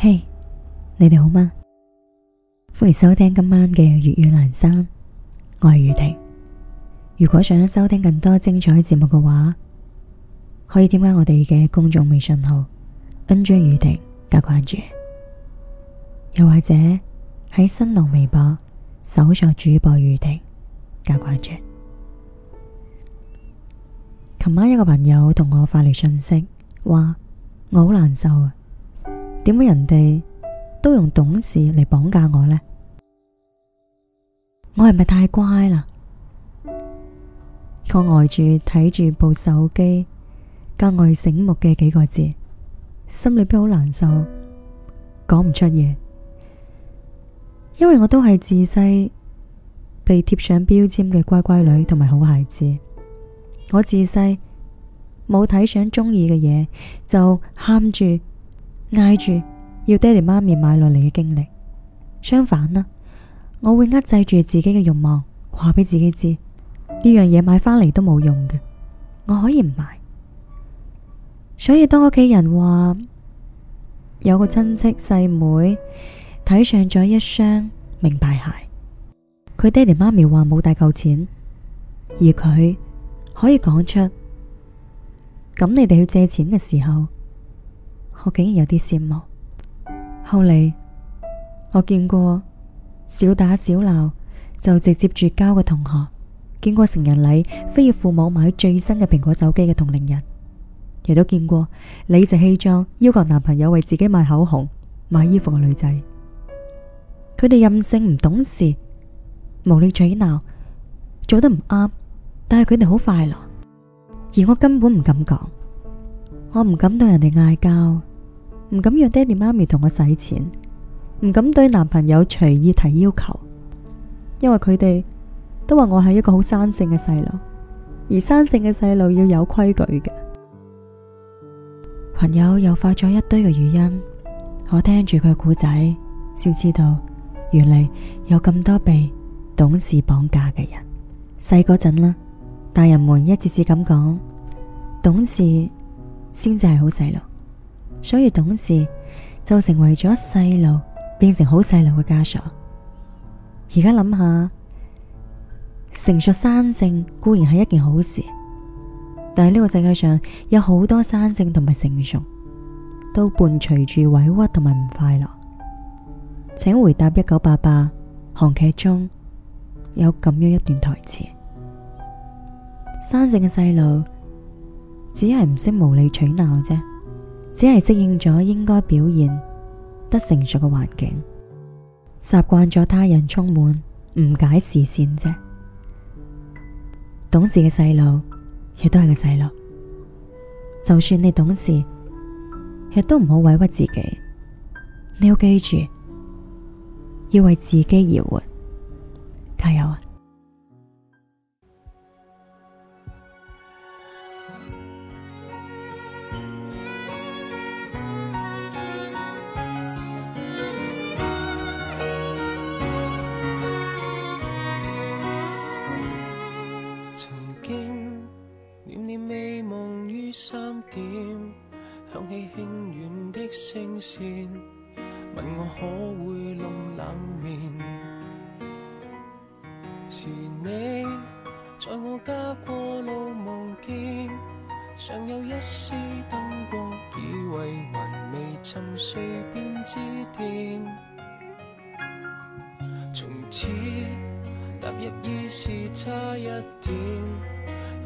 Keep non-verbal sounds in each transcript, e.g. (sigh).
嘿，hey, 你哋好嗎？歡迎收聽今晚嘅粵語闌珊，我係雨婷。如果想收聽更多精彩節目嘅話，可以添加我哋嘅公眾微信號 nj 雨婷加關注，又或者喺新浪微博搜索主播雨婷加關注。琴晚一個朋友同我發嚟信息，話我好難受啊！點解人哋都用懂事嚟綁架我呢？我係咪太乖啦？我呆住睇住部手機，格外醒目嘅幾個字，心裏邊好難受，講唔出嘢。因為我都係自細被貼上標籤嘅乖乖女同埋好孩子，我自細冇睇上中意嘅嘢就喊住嗌住要爹哋媽咪買落嚟嘅經歷，相反啦，我會壓制住自己嘅慾望，話俾自己知呢樣嘢買翻嚟都冇用嘅，我可以唔買。所以當屋企人話有個親戚細妹睇上咗一雙名牌鞋，佢爹哋媽咪話冇帶夠錢，而佢可以講出咁你哋去借錢嘅時候。我竟然有啲羨慕。後嚟我見過小打小鬧就直接絕交嘅同學，見過成人禮非要父母買最新嘅蘋果手機嘅同齡人，亦都見過理直氣壯要求男朋友為自己買口紅、買衣服嘅女仔。佢哋任性唔懂事，無理取鬧，做得唔啱，但係佢哋好快樂。而我根本唔敢講，我唔敢對人哋嗌交，唔敢讓爹地媽咪同我使錢，唔敢對男朋友隨意提要求，因為佢哋都話我係一個好生性嘅細路，而生性嘅細路要有規矩嘅。朋友又發咗一堆嘅語音，我聽住佢嘅故仔，先知道原嚟有咁多被懂事綁架嘅人。細嗰陣啦，大人們一次次咁講，懂事先至係好細路。所以懂事就成為咗細路變成好細路嘅枷鎖。而家諗下，成熟生性固然係一件好事，但係呢個世界上有好多生性同埋成熟都伴隨住委屈同埋唔快樂。請回答：一九八八韓劇中有咁樣一段台詞：生性嘅細路只係唔識無理取鬧啫。只係適應咗應該表現得成熟嘅環境，習慣咗他人充滿誤解視線啫。懂事嘅細路亦都係個細路，就算你懂事，亦都唔好委屈自己。你要記住，要為自己而活。美夢於三點響起輕軟的聲線，問我可會弄冷麵。 (noise) 是你在我家過路望見，尚有一絲燈光，以為還未沉睡便致電。從此踏入意識差一點。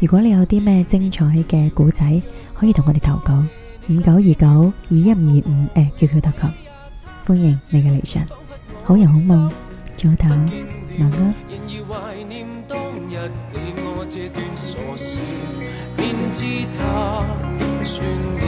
如果你有啲咩精彩嘅故仔，可以同我哋投稿五九二九二一五二五誒，QQ 投稿，歡迎你嘅嚟信，好人好夢，早唞，晚安。 (music)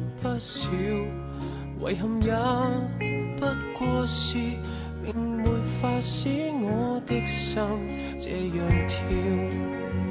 不少遺憾也不過是，並沒法使我的心這樣跳。